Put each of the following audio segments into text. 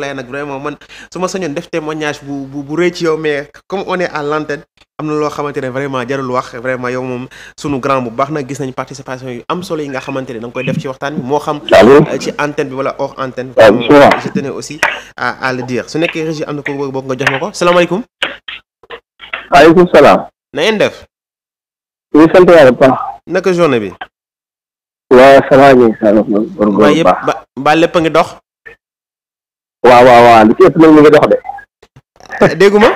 plaît nag vraiment man su ma sañoon def témoignage bu bu bu rëy ci yow mais comme on est à l'antenne am na loo xamante ne vraiment jarul wax vraiment yow moom sunu grand bu baax na gis nañ participation yu am solo yi nga xamante ne da koy def ci waxtaan moo xam. ci antenne bi wala hors antenne. je tenais aussi à à le dire su nekkee régie am na ko bëgg bokk nga jox ma ko salaamaaleykum. waaleykum salaam. na ngeen def. journée bi. waaw ça va lépp a ngi dox. waaw waaw waaw li ci ëpp nag mi ngi dox de. Eh, dégguma.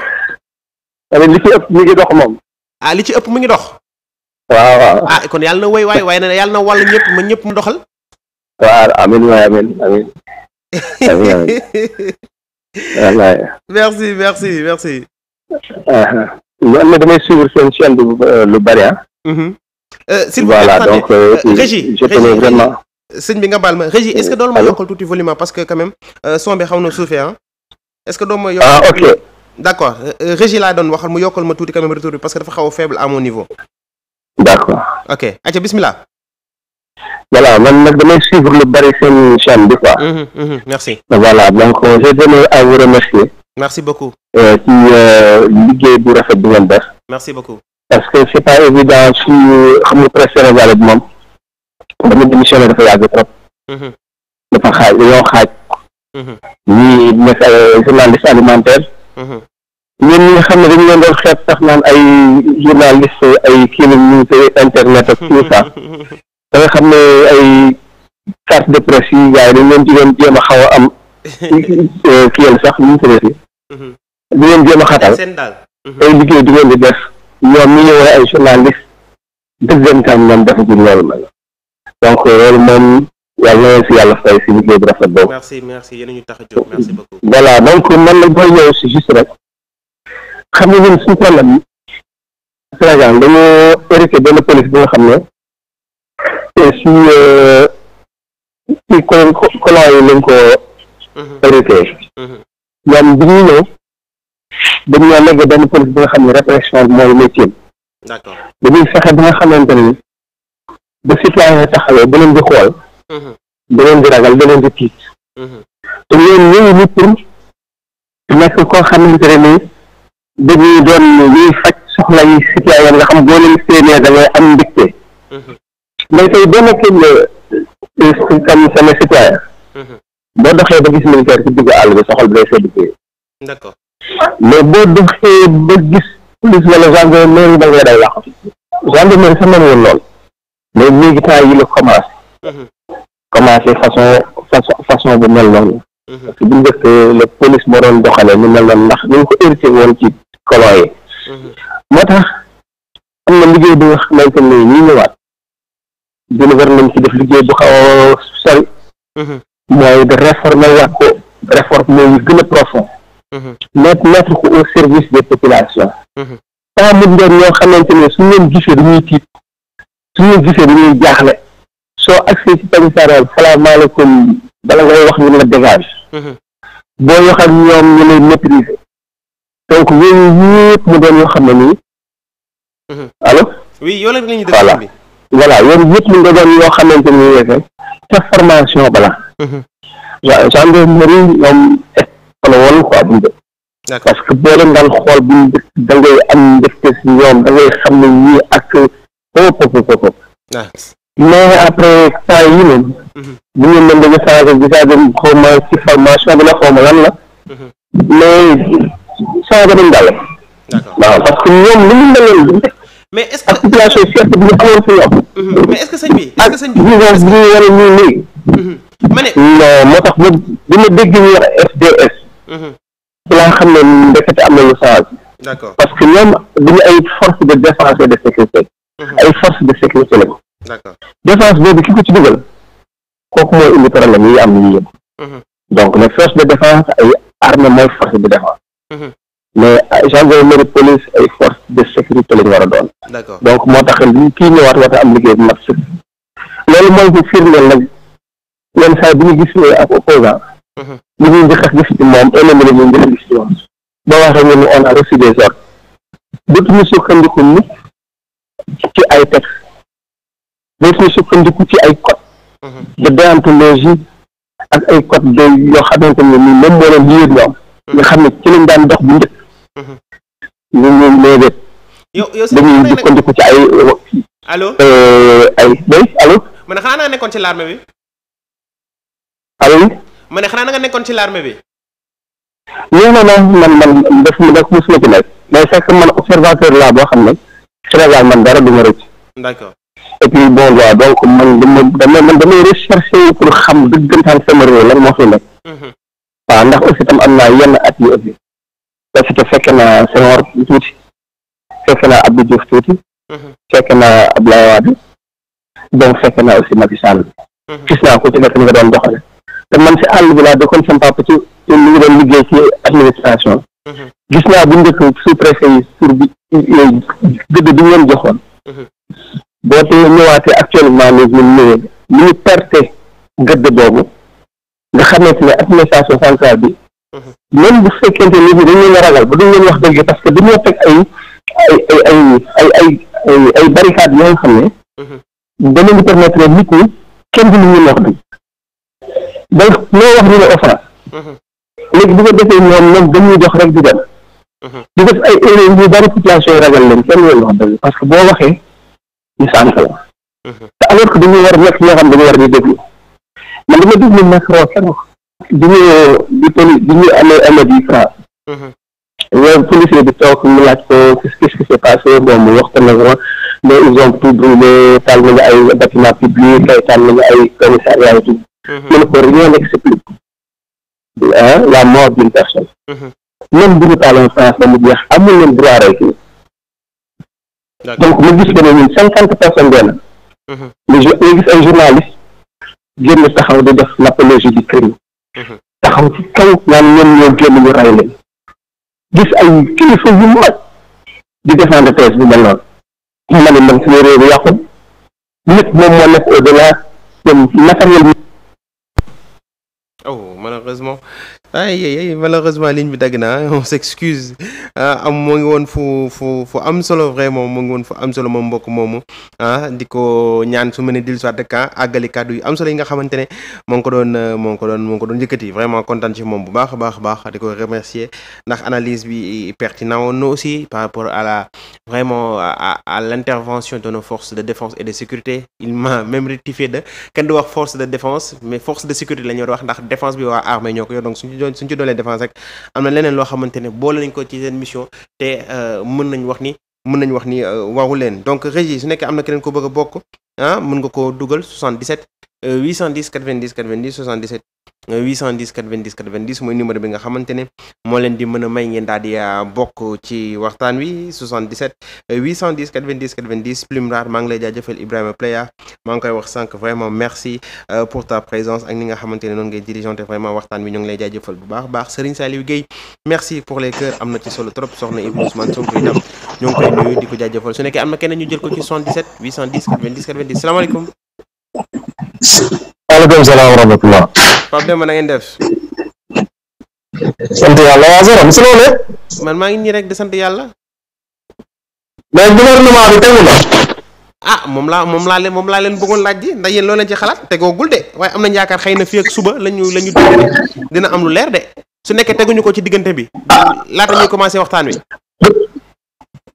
tamit li ci ëpp mu ngi dox moom. ah li ci ëpp mu ngi dox. waaw waaw ah kon yàlla na woy waay waaye na yàlla na wàll ñëpp ma ñëpp mu doxal. waaw amiin waay amiin amiin amiin amiin. merci merci uh-huh. damay suivre seen chaîne euh, lu bari ah. Mm-hmm. Euh, voilà donc. Euh, Régis je tenais vraiment. sëñ bi nga baal ma régie est-ce que yokkal tuuti volume parce que quand même euh, xaw na suufee ah est-ce que doolu ma yokkal ah, euh, doon waxal mu yokkal ma tuuti quand même bi parce que dafa xaw a faible à mon niveau d'accord ok aca bismillah voilà man nag damay suivre lu bari seen chaîne bi quoi mhm, mhm, merci voilà donc euh, je tenais à vous remercier merci beaucoup ci liggéey bu rafet bi ngeen def merci beaucoup parce que c'est pas évident suñu xam nga presse sénégalaise moom dama démissionné dafa yàgg trop. Mhm. dafa xaaj dañoo xaaj. Mhm. ñii nekk journaliste alimentaire. Mhm. ñun ñi nga xam ne dañu leen doon xeet sax naan ay journaliste ay kii la internet ak tout ça da xam ne ay carte de presse yi gars yi dañ leen ci doon a xaw a am euh, kiyal sax ñu ngi si di leen jéem a xatal ay liggéey di ngeen di def ñoom ñu ñëwee ay journaliste dëggantaan ñoom defaguñ loolu nag donc loolu moom yàlla na si yàlla fay si liggéey bu rafet boobu. merci merci ñu tax a jóg merci beaucoup. voilà donc man la booy ñëw si juste rek xam nga ñun suñu problème Sénégal dañoo hérité benn police bi nga xam ne te si euh, si colon colon yi lañ ko mhm. hérité mhm. ñoom bi ñuy ñëw dañoo nekk benn police bi nga xam ne répression bi mooy métier dañuy fexe bi nga xamante ni bu citoyen taxawee da leen di xool da mhm. leen di ragal da leen di tiit mhm. te ñoom ñëw ñu pour nekk koo xamante nii dañuy faj soxla yi citoyen nga xam boo leen séenee da ngay am mbégte mhm. mais tey boo nekkee comme euh, sama citoyen boo doxee ba gis militaire ci digg àll bi soxal bi day sedd bi d'accord mais boo doxee ba gis police wala gendarmerie da ngay day wax gendarmerie sax mën woon lool mais léegi temps yi la commencé mhm. commencé façon façon façon bu mel noonu mhm. parce que bu njëkk la police moo doon doxalee mel noonu ndax ñu ngi ko hérité woon ci colon mhm. moo tax am na liggéey bi nga xamante ne ñi ñëwaat dina war nañ ci def liggéey bu xaw a sori mooy de réformer waat ko réforme gën a profond mettre mettre ko au service des populations temps mu doon ñoo xamante ne suñ leen gisee tiit suñu gisee dañuy jaaxle soo accès ci commissariat salaamaaleykum bala ngay wax ñu la dégage mhm. boo wax ak ñoom ñu lay maîtriser donc yooyu yëpp mu doon yoo xam ne nii mhm. allo yooyu yëpp mu doon yoo xamante ni yeefe la woon quoi parce que boo leen daan xool bu njëkk da am njëkk si ñoom da xam ne ñii ak fop fop fop fop mais après temps yi moom mm-hmm. bu ñu mën dañu changé déjà dem xawma ci formation bi la xawma lan mm-hmm. parce que ñoom lu ñu meloon mais est-ce que situation chef bi ñu amoon suñu am mm-hmm. mais est-ce que que sëñ bi bi ñu yore nii léegi ma ne non moo tax ba bi ma dégg ñu wax FDS ci laa xam na lu changé d'accord parce que force de défense de sécurité ay force de sécurité lañu défense boobu ki ko ci dugal kooku mooy indi problème yi am yi mhm. donc les forces de défense ay armée mooy force de défense mhm. mais gendarmerie police ay force de sécurité lañu war a doon moo tax kii ñëwaat a am liggéey bu mag si loolu mooy fi firndeel nag yenn saa bu ñu gis ak opposant mhm. li ñuy njëkk a gis ci moom ennemi la ñuy njëkk a gis moom boo waxee ñu ne on a reçu des ordres dootuñu sukkandiku nit ci ay texte des na sukkandiku ci ay code de déontologie ak ay code de yoo xamante ne nii moom moo xam ne ci lañ daan dox bu njëkk ñu ñu léeg-léeg dañuy sukkandiku ci ay allo ay day allo ma ne xanaa nga nekkoon ci l'armée ma ne xanaa nga nekkoon ci l'armée bi non non non man man def ma nekk mosuma ci nekk mais fekk man observateur laa boo xam ne Sénégal man dara du ma rëcc. d'accord et puis bon waaw donc man dama dama man damay recherché pour xam dëggantaan sama réew lan moo fi nekk. Mhm. waaw ndax aussi tam am naa yenn at yu ëpp parce que fekk naa Senghor tuuti fekk naa Abdou Diouf tuuti. Mhm. fekk naa Abdoulaye Wade donc fekk naa aussi Macky Sall. Mhm. gis naa ko ci nekk ni nga doon doxale te man si àll bi laa dëkkoon sama papa ci li nga doon liggéey ci administration. gis naa bu njëkk sous préfet yi tur bi gëdd bi ñu leen joxoon mhm. boo te ñëwaatee actuellement nii ñu ñëwee li ñu perte gëdd boobu nga xamante ne administration centrale bi mhm. même bu fekkente nit ñi dañu leen ragal ba duñ leen wax dëgg parce que dañoo teg ay ay ay ay ay ay ay barricades yoo xam ne mhm. danañu permettre nit ñi kenn du lu ñuy wax dëgg donc loo wax ñu ne offrance léegi bu ko defee ñoom ñoom dañuy dox rek di dem di def ay a yu bari ragal leen kenn loolu wax dëgg parce que boo waxee ñu sànq la te alors que dañuy war nekk ñoo xam dañu war di déglu man dama déglu Macron keroog bi ñu di poli bi ñu amee amee di France mu laaj ko qu'est-ce qui s'est passé bon mu wax ko nag mais ils ont tout brûlé taal nañu ay bâtiment public ay taal nañu ay commissariat et tout mu ne ko rien n'explique ah, la mort d'une personne même bu ñu taaloon France ba mu jeex amul leen droit rey fii donc mu gis ko ne mu cinquante na benn mais mhm. ñu gis ay journaliste génn taxaw di def l'apologie du crime mhm. taxaw ci kaw naan ñoom ñoo génn ñu rey leen gis ay kilifa yu mag di défendre thèse bu mel mu ma ne man suñu réew mi yàqul nit moom moo nekk au delà dem matériel oh malheureusement ay ay malheureusement ligne bi dagg na on s'excuse ah, am moo ngi woon fu fu fu am solo vraiment moo ngi woon fu am solo moom mbokk moomu ah di ñaan su ma nee dil soit ka ah, àggali kàddu yu am solo yi nga xamante ne moo ngi ko doon euh, moo ngi ko doon moo ngi ko doon yëkkati vraiment kontaan ci moom bu baax a baax a baax di analyse bi pertinent woon na aussi par rapport a la vraiment a à l'intervention de nos forces de défense et de sécurité m'a même rectifié de kenn du wax force de défense mais force de sécurité la a wax ndax défense bi waa armée ñoo ko yor donc suñu ci doolee défense rek am na leneen loo xamante ne boole nañ ko ci seen mission te euh, mën nañ wax ni mën nañ wax ni euh, waru leen donc régie su nekkee am na keneen ko bëgg bokk ah mën nga ko dugal 77 810 90 90 77 810 90 90 mooy numéro bi nga xamante ne moo leen di mën a may ngeen daal di euh, bokk ci waxtaan wi 77 810 90 90 plume rare maa ngi lay jaajëfal Ibrahima Pleya maa ngi koy wax sànq vraiment merci euh, pour ta présence ak ni nga xamante ne noonu ngay dirigeante vraiment waxtaan wi ñu ngi lay jaajëfal bu baax baax Serigne Saliou Guèye merci pour les cœurs am na ci solo trop soxna Ibou Ousmane Sonko itam ñu ngi koy nuyu di ko waaleykum salaam wa rahmatulah. Pape Demba na ngeen def. sant yàlla waa Zora monsieur Loone. man maa ngi nii rek di sant yàlla. mais gouvernement bi tegu na. ah moom laa moom laa leen moom laa leen bëggoon laaj ji ndax yéen loo leen ci xalaat tegoogul de waaye am nañ yaakaar xëy na fii ak suba la ñu la ñu dina am lu leer de su nekkee teguñu ko ci diggante bi. laata ñuy commencé waxtaan wi.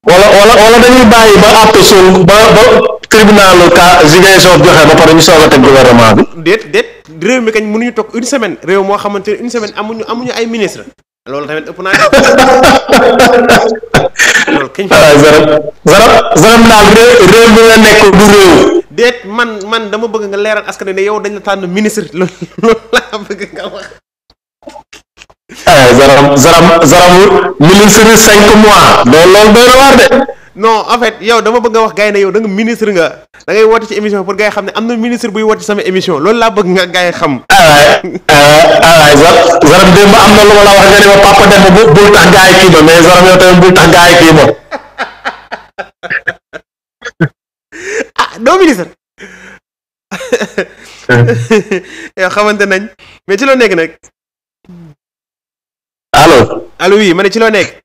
wala wala wala dañuy bàyyi ba àpp suul ba ba. tribunal ka Ziguinchor joxe ba pare ñu soog a teg gouvernement bi. déet déet réew mi kañ mënuñu toog une semaine réew moo xamante ne une semaine amuñu amuñu ay ministre loolu tamit ëpp naa loolu kañ. zarab zarab zarab daal réew man man dama bëgg nga leeral askan yow dañ la tànn ministre loolu loolu laa bëgg nga wax. zaram zaram zaramu ministre cinq mois. loolu loolu doy de. non en fait yow dama bëgg nga wax gaynde yow da nga ministre nga da ngay woote ci émission pour gars xam ne am na ministre buy woote ci sama émission loolu laa bëgg nga gars xam. ah waay ah ah zaram démb am na lu ma la wax nga ne ma papa dem ba bu bul tax gars kii ma mais zaram bul tax gars kii ma. ah doo ministre. yow xamante nañ mais ci loo nekk nag. allo. allo oui ma ne ci loo nekk.